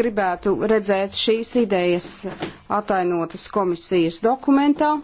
gribētu redzēt šīs idejas atainotas komisijas dokumentā.